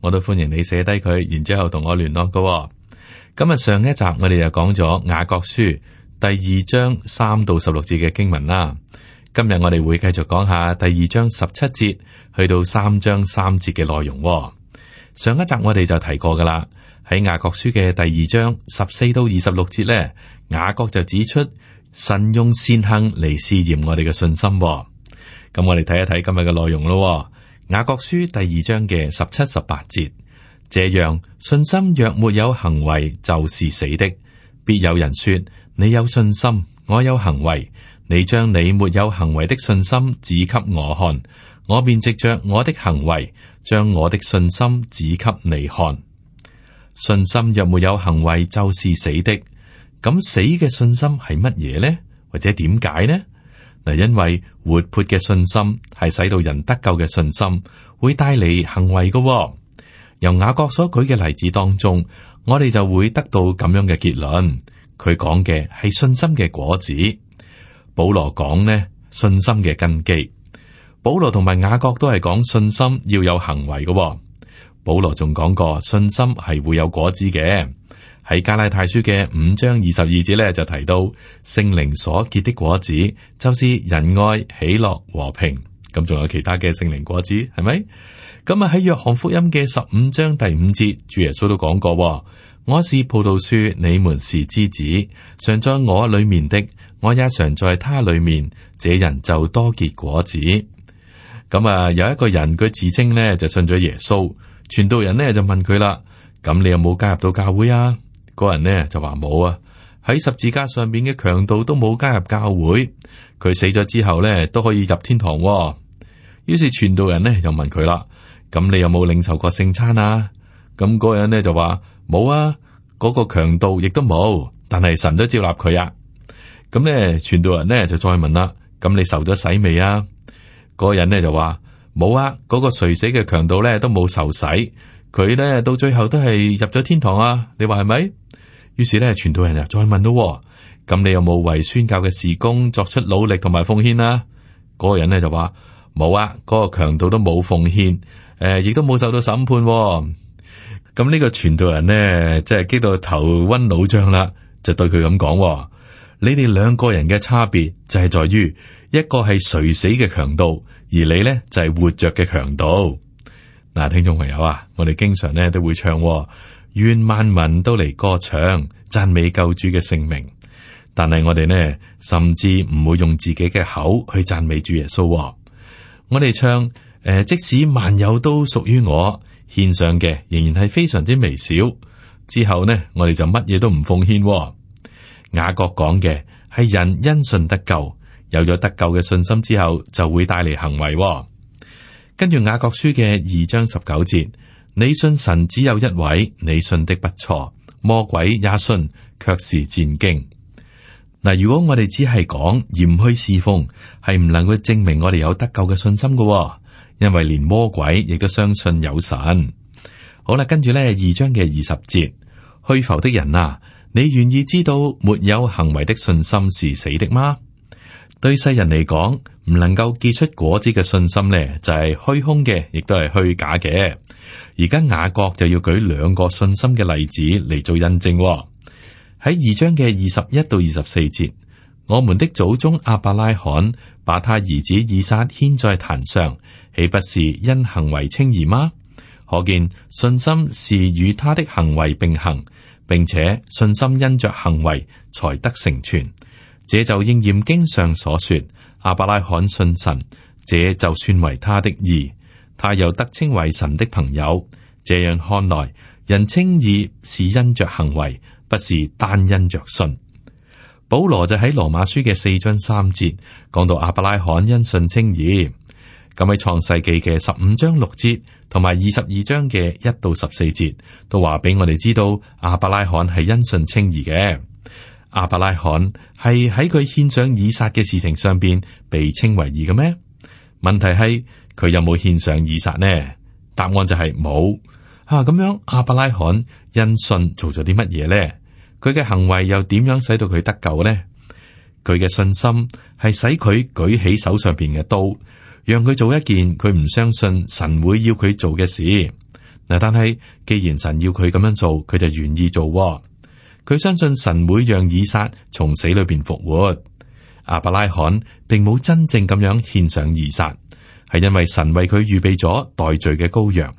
我都歡迎你寫低佢，然之後同我聯絡噶、哦。今日，上一集我哋就講咗雅各書第二章三到十六節嘅經文啦。今日我哋會繼續講下第二章十七節去到三章三節嘅內容、哦。上一集我哋就提過噶啦，喺雅各書嘅第二章十四到二十六節咧，雅各就指出神用善行嚟試驗我哋嘅信心、哦。咁、嗯、我哋睇一睇今日嘅內容咯。雅各書第二章嘅十七、十八節，這樣信心若沒有行為，就是死的。必有人說你有信心，我有行為，你將你沒有行為的信心指給我看，我便藉着我的行為將我的信心指給你看。信心若沒有行為，就是死的。咁死嘅信心係乜嘢呢？或者點解呢？因為活潑嘅信心係使到人得救嘅信心，會帶嚟行為嘅哦。由雅各所舉嘅例子當中，我哋就會得到咁樣嘅結論。佢講嘅係信心嘅果子。保羅講呢信心嘅根基。保羅同埋雅各都係講信心要有行為嘅哦。保羅仲講過信心係會有果子嘅。喺加拉太書嘅五章二十二節咧，就提到聖靈所結的果子，就是仁愛、喜樂、和平。咁仲有其他嘅聖靈果子，係咪？咁啊喺約翰福音嘅十五章第五節，主耶穌都講過：，我是葡萄樹，你們是枝子，常在我裏面的，我也常在他裏面，這人就多結果子。咁啊，有一個人佢自稱呢，就信咗耶穌，傳道人呢，就問佢啦：，咁你有冇加入到教會啊？個人咧就話冇啊，喺十字架上邊嘅強盜都冇加入教會，佢死咗之後咧都可以入天堂。於是傳道人咧就問佢啦：，咁你有冇領受過聖餐啊？咁個人咧就話冇啊，嗰個強盜亦都冇，但係神都接納佢啊。咁咧傳道人咧就再問啦：，咁你受咗洗未啊？個人咧就話冇啊，嗰個垂死嘅強盜咧都冇受洗。佢咧到最後都係入咗天堂啊！你話係咪？於是咧，傳道人又再問咯、哦，咁你有冇為宣教嘅事工作出努力同埋奉獻啊？嗰、那個人咧就話冇啊，嗰、那個強盜都冇奉獻，誒、呃，亦都冇受到審判、哦。咁呢個傳道人咧，即係激到頭昏腦脹啦，就對佢咁講：，你哋兩個人嘅差別就係在於一個係垂死嘅強盜，而你咧就係、是、活着嘅強盜。」嗱，聽眾朋友啊，我哋經常咧都會唱、哦、願萬民都嚟歌唱，讚美救主嘅聖名。但係我哋咧，甚至唔會用自己嘅口去讚美主耶穌、哦。我哋唱誒、呃，即使萬有都屬於我，獻上嘅仍然係非常之微小。之後咧，我哋就乜嘢都唔奉獻、哦。雅各講嘅係人因信得救，有咗得救嘅信心之後，就會帶嚟行為、哦。跟住雅各書嘅二章十九節，你信神只有一位，你信的不錯。魔鬼也信，卻是戰驚。嗱，如果我哋只係講言虛侍奉，係唔能夠證明我哋有得救嘅信心嘅，因為連魔鬼亦都相信有神。好啦，跟住呢二章嘅二十節，虛浮的人啊，你願意知道沒有行為的信心是死的嗎？對世人嚟講。唔能夠結出果子嘅信心呢就係、是、虛空嘅，亦都係虛假嘅。而家雅各就要舉兩個信心嘅例子嚟做印證喺、哦、二章嘅二十一到二十四節。我們的祖宗阿伯拉罕把他兒子以撒獻在壇上，豈不是因行為稱義嗎？可見信心是與他的行為並行，並且信心因着行為才得成全。這就應驗經上所說。亞伯拉罕信神，這就算為他的義，他又得稱為神的朋友。這樣看來，人稱義是因着行為，不是單因着信。保羅就喺羅馬書嘅四章三節講到亞伯拉罕因信稱義，咁喺創世記嘅十五章六節同埋二十二章嘅一到十四節，都話俾我哋知道亞伯拉罕係因信稱義嘅。亞伯拉罕係喺佢獻上以撒嘅事情上邊被稱為義嘅咩？問題係佢有冇獻上以撒呢？答案就係冇。啊，咁樣亞伯拉罕因信做咗啲乜嘢呢？佢嘅行為又點樣使到佢得救呢？佢嘅信心係使佢舉起手上邊嘅刀，讓佢做一件佢唔相信神會要佢做嘅事。嗱，但係既然神要佢咁樣做，佢就願意做喎。佢相信神會讓以撒從死裏邊復活。阿伯拉罕並冇真正咁樣獻上以撒，係因為神為佢預備咗代罪嘅羔羊。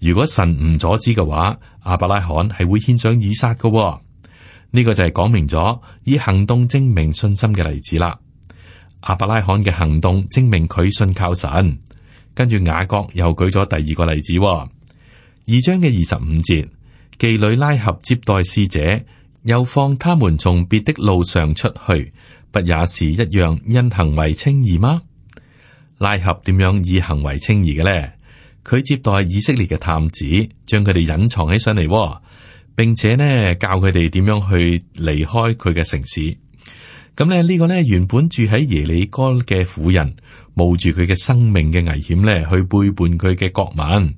如果神唔阻止嘅話，阿伯拉罕係會獻上以撒嘅、哦。呢、這個就係講明咗以行動證明信心嘅例子啦。阿伯拉罕嘅行動證明佢信靠神。跟住雅各又舉咗第二個例子、哦。二章嘅二十五節，妓女拉合接待使者。又放他們從別的路上出去，不也是一樣因行為稱義嗎？拉合點樣以行為稱義嘅咧？佢接待以色列嘅探子，將佢哋隱藏起上嚟，並且呢教佢哋點樣去離開佢嘅城市。咁咧，呢、呢個呢原本住喺耶利哥嘅婦人，冒住佢嘅生命嘅危險呢，去背叛佢嘅國民，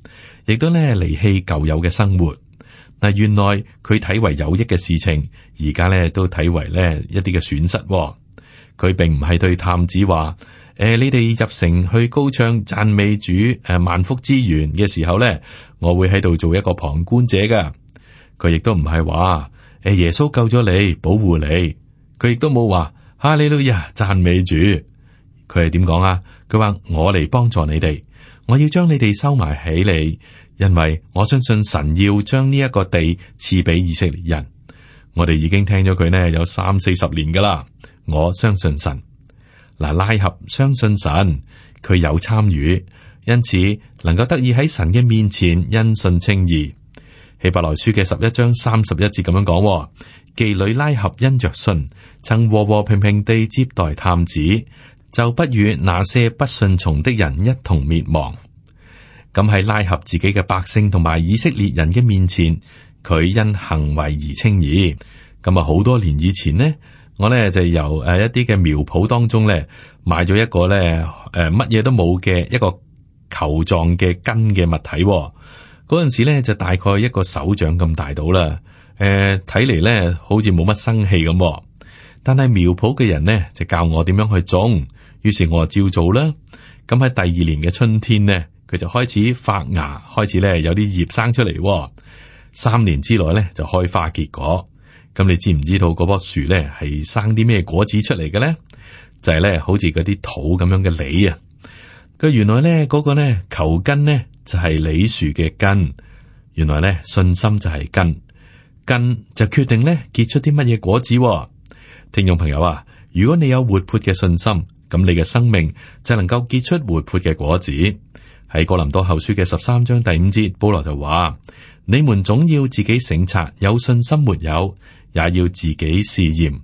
亦都呢離棄舊有嘅生活。嗱，原來佢睇為有益嘅事情，而家咧都睇為咧一啲嘅損失，哦。佢並唔係對探子話：，誒、呃，你哋入城去高唱讚美主，誒、呃、萬福之源嘅時候咧，我會喺度做一個旁觀者嘅。佢亦都唔係話：，誒、呃、耶穌救咗你，保護你。佢亦都冇話：，哈利路亞讚美主。佢係點講啊？佢話我嚟幫助你哋，我要將你哋收埋起嚟。因為我相信神要將呢一個地賜俾以色列人，我哋已經聽咗佢呢有三四十年噶啦。我相信神，嗱，拉合相信神，佢有參與，因此能夠得以喺神嘅面前因信稱義。希伯來書嘅十一章三十一節咁樣講：妓女拉合因着信，曾和和平平地接待探子，就不與那些不順從的人一同滅亡。咁係、嗯、拉合自己嘅百姓同埋以色列人嘅面前，佢因行為而稱義。咁、嗯、啊，好多年以前呢，我咧就由誒一啲嘅苗圃當中咧買咗一個咧誒乜嘢都冇嘅一個球狀嘅根嘅物體、哦。嗰陣時咧就大概一個手掌咁大度啦。誒、呃，睇嚟咧好似冇乜生氣咁、哦，但係苗圃嘅人咧就教我點樣去種，於是我就照做啦。咁、嗯、喺第二年嘅春天咧。佢就開始發芽，開始咧有啲葉生出嚟。三年之內咧就開花結果。咁你知唔知道嗰棵樹咧係生啲咩果子出嚟嘅咧？就係咧好似嗰啲土咁樣嘅李啊。佢原來咧嗰個咧球根咧就係李樹嘅根。原來咧信心就係根，根就決定咧結出啲乜嘢果子。聽眾朋友啊，如果你有活潑嘅信心，咁你嘅生命就能夠結出活潑嘅果子。喺哥林多後書嘅十三章第五節，保羅就話，你們總要自己省察，有信心沒有，也要自己試驗。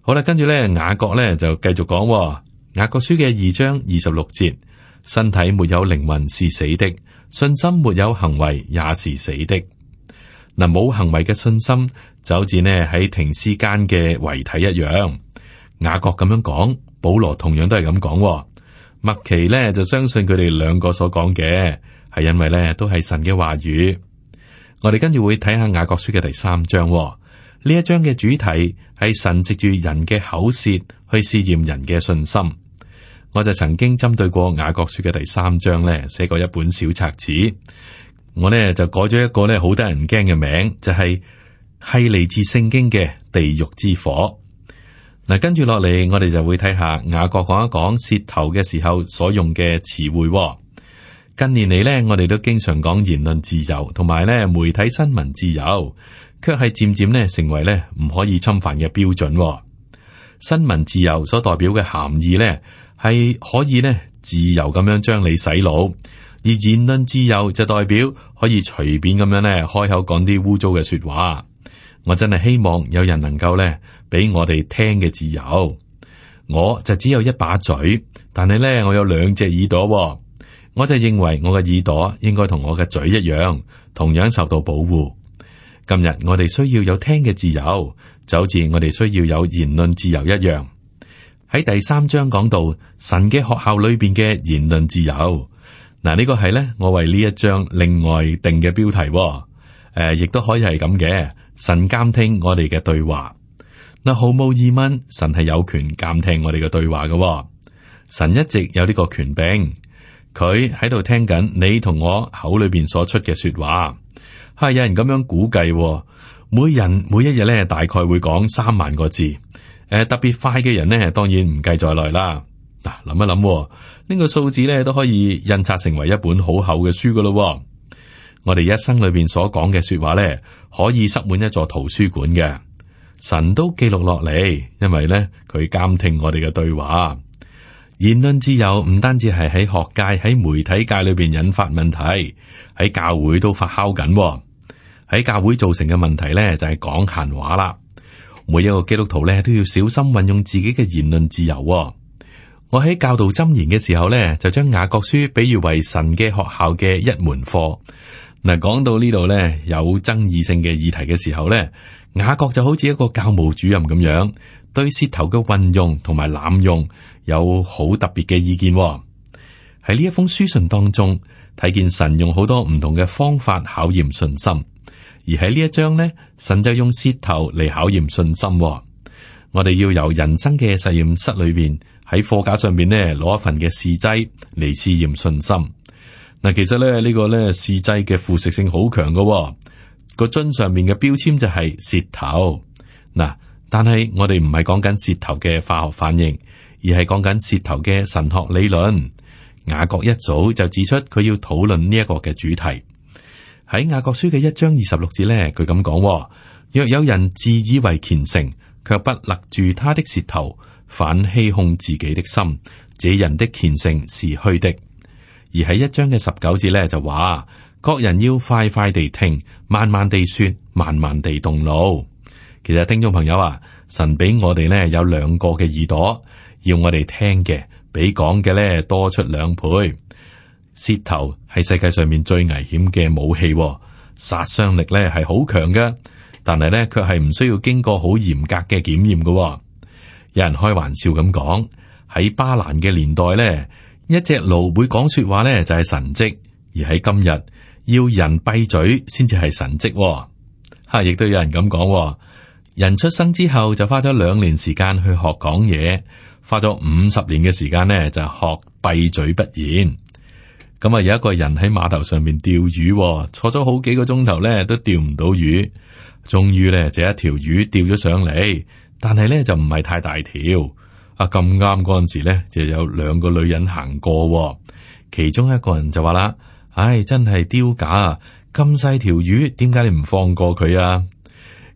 好啦，跟住咧，雅各咧就繼續講喎，雅各書嘅二章二十六節，身體沒有靈魂是死的，信心沒有行為也是死的。嗱，冇行為嘅信心，就好似呢喺停屍間嘅遺體一樣。雅各咁樣講，保羅同樣都係咁講喎。麥奇咧就相信佢哋兩個所講嘅，係因為咧都係神嘅話語。我哋跟住會睇下雅各書嘅第三章，哦，呢一章嘅主題係神藉住人嘅口舌去試驗人嘅信心。我就曾經針對過雅各書嘅第三章咧寫過一本小冊子，我呢就改咗一個咧好得人驚嘅名，就係係嚟自聖經嘅地獄之火。嗱，跟住落嚟，我哋就會睇下雅各講一講舌頭嘅時候所用嘅詞彙喎。近年嚟呢，我哋都經常講言論自由，同埋咧媒體新聞自由，卻係漸漸咧成為咧唔可以侵犯嘅標準喎。新聞自由所代表嘅含義呢，係可以咧自由咁樣將你洗腦；而言論自由就代表可以隨便咁樣咧開口講啲污糟嘅說話。我真係希望有人能夠咧。俾我哋聽嘅自由，我就只有一把嘴，但係呢，我有兩隻耳朵，哦，我就認為我嘅耳朵應該同我嘅嘴一樣，同樣受到保護。今日我哋需要有聽嘅自由，就好似我哋需要有言論自由一樣。喺第三章講到神嘅學校裏邊嘅言論自由，嗱、這、呢個係呢，我為呢一章另外定嘅標題，哦，誒、呃，亦都可以係咁嘅。神監聽我哋嘅對話。嗱，毫無疑問，神係有權監聽我哋嘅對話嘅、哦。神一直有呢個權柄，佢喺度聽緊你同我口裏邊所出嘅說話。哈、哎，有人咁樣估計、哦，每人每一日咧大概會講三萬個字。誒、呃，特別快嘅人咧，當然唔計在內啦。嗱、啊，諗一諗、哦，這個、呢個數字咧都可以印刷成為一本好厚嘅書噶咯、哦。我哋一生裏邊所講嘅說話咧，可以塞滿一座圖書館嘅。神都記錄落嚟，因為咧佢監聽我哋嘅對話。言論自由唔單止係喺學界、喺媒體界裏邊引發問題，喺教會都發酵緊。喺教會造成嘅問題咧，就係講閒話啦。每一個基督徒咧都要小心運用自己嘅言論自由哦。我喺教導箴言嘅時候咧，就將雅各書比喻為神嘅學校嘅一門課。嗱，講到呢度咧有爭議性嘅議題嘅時候咧。雅各就好似一個教務主任咁樣，對舌頭嘅運用同埋濫用有好特別嘅意見、哦。喺呢一封書信當中，睇見神用好多唔同嘅方法考驗信心，而喺呢一張咧，神就用舌頭嚟考驗信心、哦。我哋要由人生嘅實驗室裏邊喺貨架上邊咧攞一份嘅試劑嚟試驗信心。嗱，其實咧呢、這個咧試劑嘅腐蝕性好強噶。個樽上面嘅標籤就係、是、舌頭嗱，但係我哋唔係講緊舌頭嘅化學反應，而係講緊舌頭嘅神學理論。雅各一早就指出佢要討論呢一個嘅主題。喺雅各書嘅一章二十六節呢，佢咁講：若有人自以為虔誠，卻不勒住他的舌頭，反欺哄自己的心，這人的虔誠是虛的。而喺一章嘅十九節呢，就話。各人要快快地聽，慢慢地說，慢慢地動腦。其實聽眾朋友啊，神俾我哋咧有兩個嘅耳朵，要我哋聽嘅，比講嘅咧多出兩倍。舌頭係世界上面最危險嘅武器，殺傷力咧係好強嘅，但係咧卻係唔需要經過好嚴格嘅檢驗嘅。有人開玩笑咁講，喺巴蘭嘅年代咧，一隻驢會講說話咧就係神蹟，而喺今日，要人閉嘴先至係神跡。哦，吓亦都有人咁講。哦，人出生之後就花咗兩年時間去學講嘢，花咗五十年嘅時間呢就學閉嘴不言。咁、嗯、啊，有一個人喺碼頭上面釣魚。哦，坐咗好幾個鐘頭呢都釣唔到魚。終於呢就一條魚釣咗上嚟，但係呢就唔係太大條。啊，咁啱嗰陣時呢就有兩個女人行過。哦，其中一個人就話啦。唉、哎，真係丟架。咁細條魚，點解你唔放過佢啊？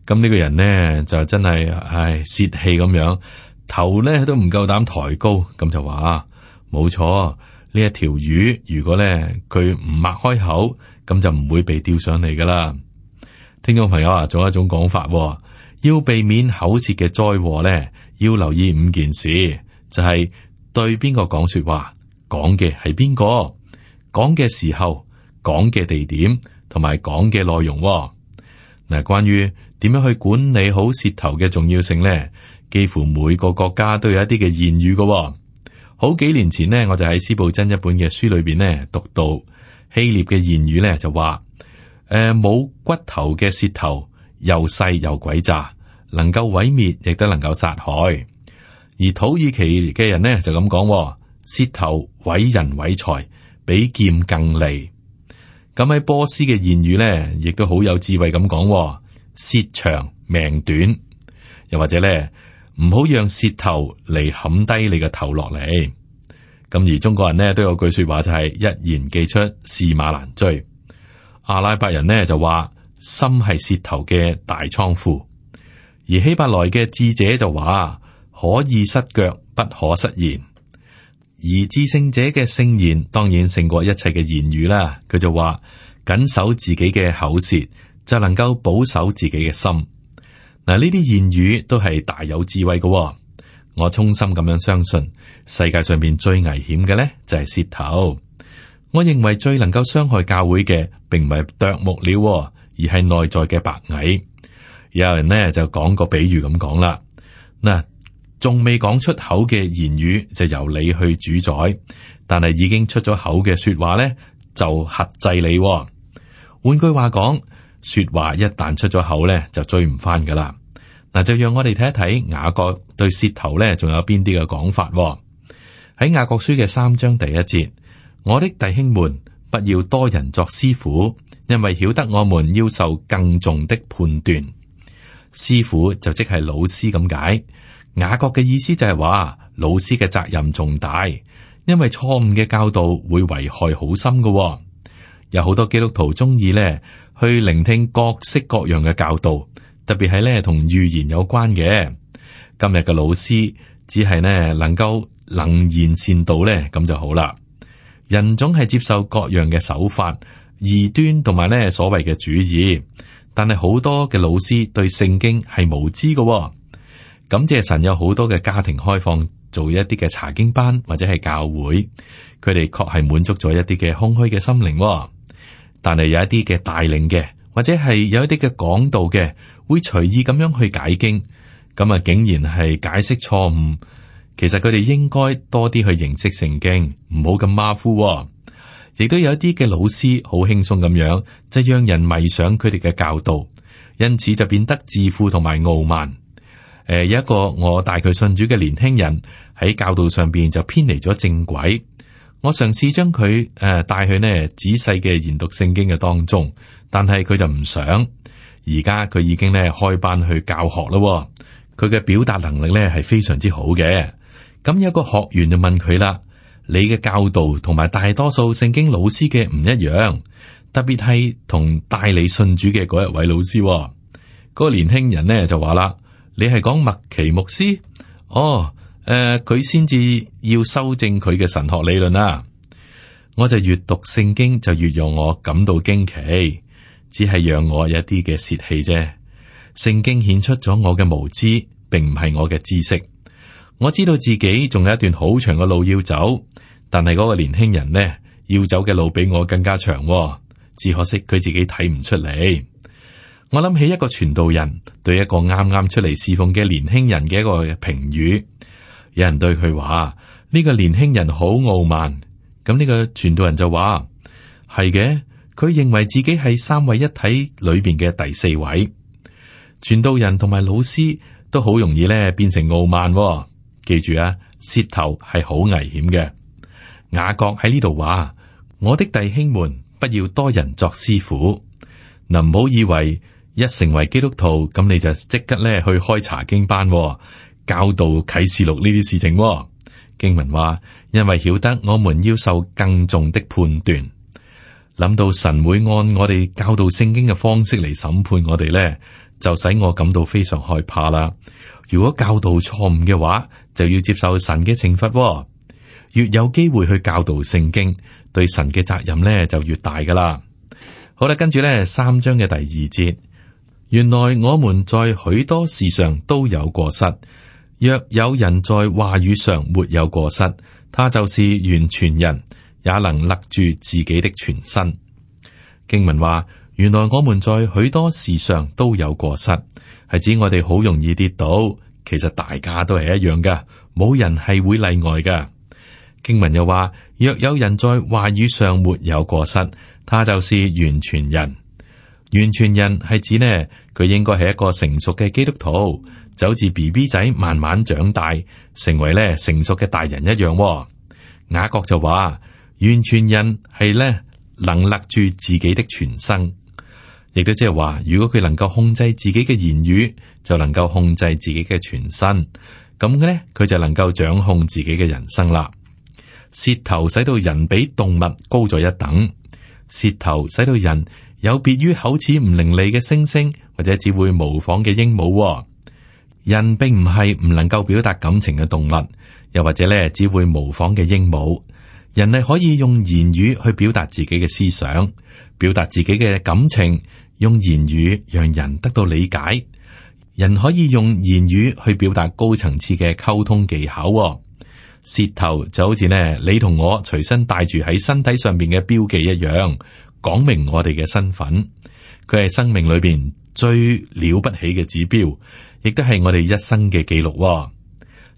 咁呢個人呢就真係唉泄氣咁樣，頭呢都唔夠膽抬高，咁就話冇錯呢一條魚，如果呢佢唔擘開口，咁就唔會被釣上嚟噶啦。聽眾朋友啊，仲有一種講法，要避免口舌嘅災禍呢，要留意五件事，就係、是、對邊個講說話，講嘅係邊個。講嘅時候，講嘅地點同埋講嘅內容嗱，關於點樣去管理好舌頭嘅重要性呢，幾乎每個國家都有一啲嘅諺語。噶好幾年前呢，我就喺施布珍一本嘅書裏邊呢讀到希臘嘅諺語呢就話：誒、呃，冇骨頭嘅舌頭又細又詭詐，能夠毀滅亦都能夠殺害。而土耳其嘅人呢，就咁講：舌頭毀人毀財。比劍更利，咁喺波斯嘅言語呢，亦都好有智慧咁講、哦：舌長命短，又或者咧，唔好讓舌頭嚟冚低你嘅頭落嚟。咁而中國人呢，都有句說話就係、是、一言既出，駟馬難追。阿拉伯人呢，就話心係舌頭嘅大倉庫，而希伯來嘅智者就話可以失腳，不可失言。而至聖者嘅聖言，當然勝過一切嘅言語啦。佢就話：謹守自己嘅口舌，就能夠保守自己嘅心。嗱，呢啲言語都係大有智慧嘅、哦。我衷心咁樣相信，世界上面最危險嘅咧，就係、是、舌頭。我認為最能夠傷害教會嘅，並唔係啄木鳥，而係內在嘅白蟻。有人咧就講個比喻咁講啦，嗱。仲未講出口嘅言語就由你去主宰，但係已經出咗口嘅說話呢，就轄制你、哦。換句話講，說話一旦出咗口呢，就追唔翻噶啦。嗱，就讓我哋睇一睇雅各對舌頭呢仲有邊啲嘅講法喺、哦、雅各書嘅三章第一節。我的弟兄們，不要多人作師傅，因為曉得我們要受更重的判斷。師傅就即係老師咁解。雅各嘅意思就係話，老師嘅責任重大，因為錯誤嘅教導會危害好深嘅、哦。有好多基督徒中意咧去聆聽各式各樣嘅教導，特別係咧同預言有關嘅。今日嘅老師只係呢能夠能言善道咧，咁就好啦。人總係接受各樣嘅手法、異端同埋咧所謂嘅主義，但係好多嘅老師對聖經係無知嘅、哦。感謝神，有好多嘅家庭開放做一啲嘅查經班或者係教會，佢哋確係滿足咗一啲嘅空虛嘅心靈、哦。但係有一啲嘅帶領嘅或者係有一啲嘅講道嘅，會隨意咁樣去解經，咁啊竟然係解釋錯誤。其實佢哋應該多啲去認識聖經，唔好咁馬虎。亦都有一啲嘅老師好輕鬆咁樣，即係讓人迷上佢哋嘅教導，因此就變得自負同埋傲慢。誒，有一個我帶佢信主嘅年輕人喺教導上邊就偏離咗正軌。我嘗試將佢誒帶去呢仔細嘅研讀聖經嘅當中，但係佢就唔想。而家佢已經呢開班去教學啦。佢嘅表達能力呢係非常之好嘅。咁有個學員就問佢啦：「你嘅教導同埋大多數聖經老師嘅唔一樣，特別係同帶你信主嘅嗰一位老師。」嗰個年輕人呢就話啦。你係講麥奇牧師？哦，誒、呃，佢先至要修正佢嘅神學理論啊！我就越讀聖經，就越讓我感到驚奇，只係讓我有一啲嘅泄氣啫。聖經顯出咗我嘅無知，並唔係我嘅知識。我知道自己仲有一段好長嘅路要走，但係嗰個年輕人呢，要走嘅路比我更加長，哦。只可惜佢自己睇唔出嚟。我諗起一個傳道人對一個啱啱出嚟侍奉嘅年輕人嘅一個評語，有人對佢話：呢個年輕人好傲慢。咁呢個傳道人就話：係嘅，佢認為自己係三位一體裏邊嘅第四位。傳道人同埋老師都好容易咧變成傲慢。記住啊，舌頭係好危險嘅。雅各喺呢度話：我的弟兄們，不要多人作師傅，能唔好以為。一成為基督徒，咁你就即刻咧去開查經班，教導啟示錄呢啲事情。經文話，因為曉得我們要受更重的判斷，諗到神會按我哋教導聖經嘅方式嚟審判我哋咧，就使我感到非常害怕啦。如果教導錯誤嘅話，就要接受神嘅懲罰。越有機會去教導聖經，對神嘅責任咧就越大噶啦。好啦，跟住咧三章嘅第二節。原來我們在許多事上都有過失。若有人在話語上沒有過失，他就是完全人，也能勒住自己的全身。經文話：原來我們在許多事上都有過失，係指我哋好容易跌倒。其實大家都係一樣噶，冇人係會例外噶。經文又話：若有人在話語上沒有過失，他就是完全人。完全人，係指呢，佢應該係一個成熟嘅基督徒，就好似 B B 仔慢慢長大，成為咧成熟嘅大人一樣哦。雅各就話，完全人係咧能立住自己的全身，亦都即係話，如果佢能夠控制自己嘅言語，就能夠控制自己嘅全身，咁嘅咧佢就能夠掌控自己嘅人生啦。舌頭使到人比動物高咗一等，舌頭使到人。有別於口齒唔伶俐嘅猩猩，或者只會模仿嘅鸚鵡，人並唔係唔能夠表達感情嘅動物，又或者咧只會模仿嘅鸚鵡，人係可以用言語去表達自己嘅思想，表達自己嘅感情，用言語讓人得到理解。人可以用言語去表達高層次嘅溝通技巧。舌頭就好似呢，你同我隨身帶住喺身體上面嘅標記一樣。講明我哋嘅身份，佢係生命裏邊最了不起嘅指標，亦都係我哋一生嘅記錄。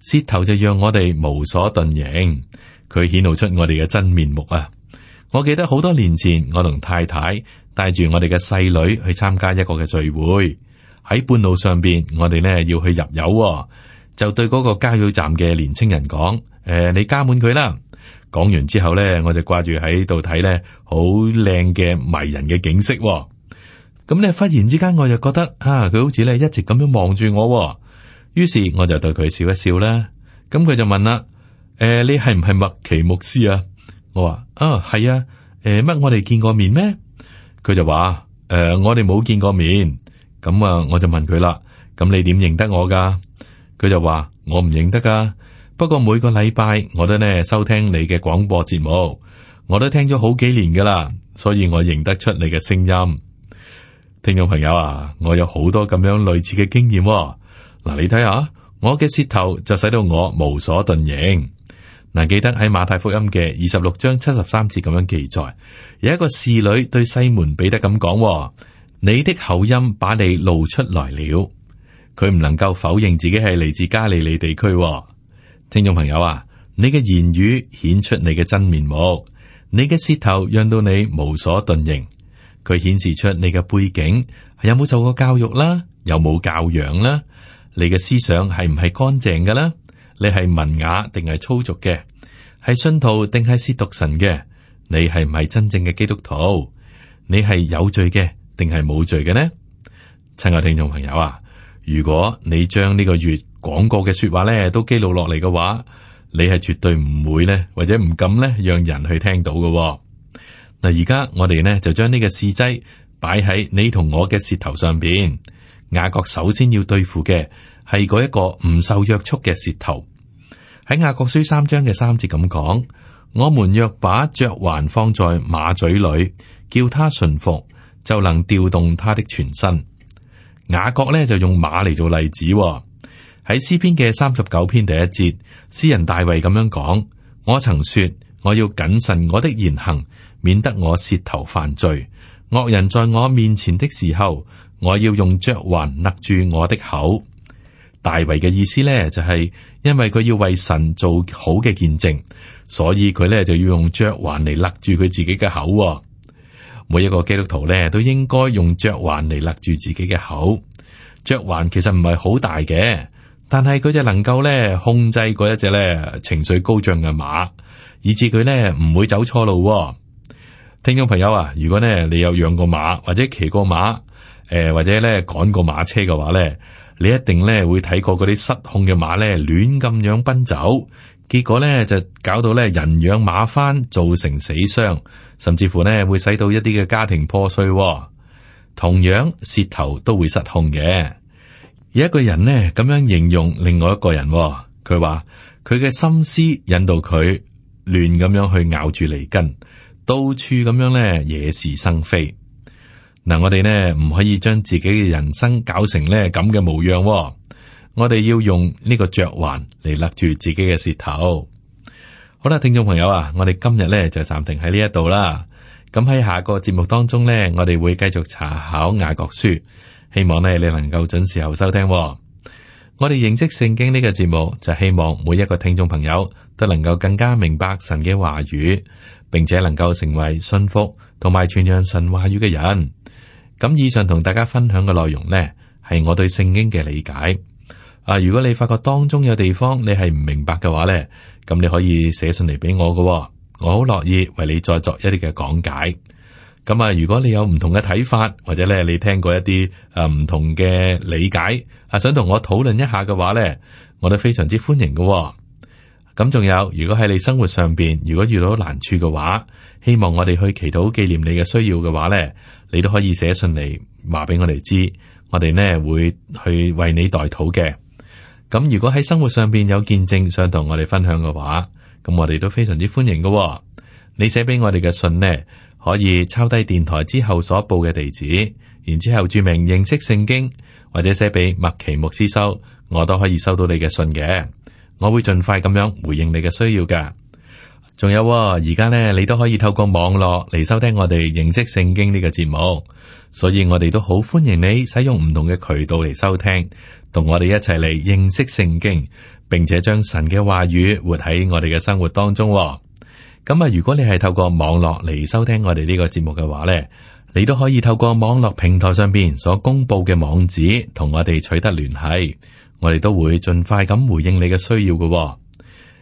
舌頭就讓我哋無所遁形，佢顯露出我哋嘅真面目啊！我記得好多年前，我同太太帶住我哋嘅細女去參加一個嘅聚會，喺半路上邊，我哋呢要去入油，就對嗰個加油站嘅年青人講：誒、呃，你加滿佢啦。講完之後咧，我就掛住喺度睇咧，好靚嘅迷人嘅景色、哦。咁、嗯、咧忽然之間，我就覺得啊，佢好似咧一直咁樣望住我、哦。於是我就對佢笑一笑啦。咁、嗯、佢就問啦：誒、呃，你係唔係麥奇牧師啊？我話：哦、啊、係、呃、啊。誒，乜我哋見過面咩？佢就話：誒、呃，我哋冇見過面。咁、嗯、啊、嗯，我就問佢啦：咁、嗯、你點認得我噶？佢就話：我唔認得噶。不過每個禮拜我都呢收聽你嘅廣播節目，我都聽咗好幾年㗎喇，所以我認得出你嘅聲音。聽眾朋友啊，我有好多咁樣類似嘅經驗嗱、哦。你睇下，我嘅舌頭就使到我無所遁形嗱、啊。記得喺馬太福音嘅二十六章七十三節咁樣記載，有一個侍女對西門彼得咁講、哦：你的口音把你露出來了，佢唔能夠否認自己係嚟自加利利地區、哦。聽眾朋友啊，你嘅言語顯出你嘅真面目，你嘅舌頭讓到你無所遁形，佢顯示出你嘅背景，有冇受過教育啦，有冇教養啦，你嘅思想係唔係乾淨嘅咧，你係文雅定係粗俗嘅，係信徒定係褻瀆神嘅，你係唔係真正嘅基督徒，你係有罪嘅定係冇罪嘅呢？親愛聽眾朋友啊，如果你將呢個月講過嘅說話咧，都記錄落嚟嘅話，你係絕對唔會呢，或者唔敢呢，讓人去聽到嘅嗱、哦。而家我哋呢，就將呢個試劑擺喺你同我嘅舌頭上邊。雅各首先要對付嘅係嗰一個唔受約束嘅舌頭。喺雅各書三章嘅三節咁講，我們若把嚼環放在馬嘴裏，叫它順服，就能調動它的全身。雅各呢，就用馬嚟做例子、哦。喺詩篇嘅三十九篇第一節，詩人大衛咁樣講：我曾說我要謹慎我的言行，免得我舌頭犯罪。惡人在我面前的時候，我要用嚼環勒住我的口。大衛嘅意思咧，就係因為佢要為神做好嘅見證，所以佢咧就要用嚼環嚟勒住佢自己嘅口。每一個基督徒咧都應該用嚼環嚟勒住自己嘅口。嚼環其實唔係好大嘅，但係佢就能夠咧控制嗰一隻咧情緒高漲嘅馬，以至佢咧唔會走錯路。聽眾朋友啊，如果呢你有養過馬或者騎過馬，誒或者咧趕過馬車嘅話咧，你一定咧會睇過嗰啲失控嘅馬咧亂咁樣奔走，結果咧就搞到咧人仰馬翻，造成死傷，甚至乎咧會使到一啲嘅家庭破碎。同樣舌頭都會失控嘅。有一個人咧咁樣形容另外一個人，哦，佢話佢嘅心思引導佢亂咁樣去咬住離根，到處咁樣咧惹是生非。嗱，我哋咧唔可以將自己嘅人生搞成咧咁嘅模樣，哦，我哋要用呢個嚼環嚟勒住自己嘅舌頭。好啦，聽眾朋友啊，我哋今日咧就暫停喺呢一度啦。咁喺下個節目當中咧，我哋會繼續查考雅各書。希望咧，你能夠準時候收聽。我哋認識聖經呢個節目，就希望每一個聽眾朋友都能夠更加明白神嘅話語，並且能夠成為信服同埋傳揚神話語嘅人。咁以上同大家分享嘅內容呢，係我對聖經嘅理解。啊，如果你發覺當中有地方你係唔明白嘅話呢，咁你可以寫信嚟俾我噶，我好樂意為你再作一啲嘅講解。咁啊，如果你有唔同嘅睇法，或者咧你聽過一啲誒唔同嘅理解，啊，想同我討論一下嘅話咧，我都非常之歡迎嘅哦。咁仲有，如果喺你生活上邊，如果遇到難處嘅話，希望我哋去祈禱紀念你嘅需要嘅話咧，你都可以寫信嚟話俾我哋知，我哋呢會去為你代禱嘅。咁如果喺生活上邊有見證想同我哋分享嘅話，咁我哋都非常之歡迎嘅哦。你寫俾我哋嘅信咧，可以抄低電台之後所報嘅地址，然之後注明認識聖經，或者寫俾麥奇牧師收，我都可以收到你嘅信嘅。我會盡快咁樣回應你嘅需要㗎。仲有哦，而家呢，你都可以透過網絡嚟收聽我哋認識聖經呢個節目，所以我哋都好歡迎你使用唔同嘅渠道嚟收聽，同我哋一齊嚟認識聖經，並且將神嘅話語活喺我哋嘅生活當中哦。咁啊，如果你係透過網絡嚟收聽我哋呢個節目嘅話呢，你都可以透過網絡平台上邊所公布嘅網址同我哋取得聯繫，我哋都會盡快咁回應你嘅需要嘅。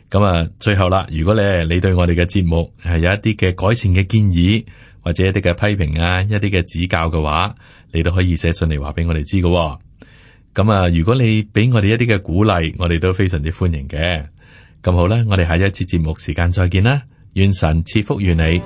咁啊，最後啦，如果咧你對我哋嘅節目係有一啲嘅改善嘅建議，或者一啲嘅批評啊，一啲嘅指教嘅話，你都可以寫信嚟話俾我哋知嘅。咁啊，如果你俾我哋一啲嘅鼓勵，我哋都非常之歡迎嘅。咁好啦，我哋下一次節目時間再見啦。願神賜福於你。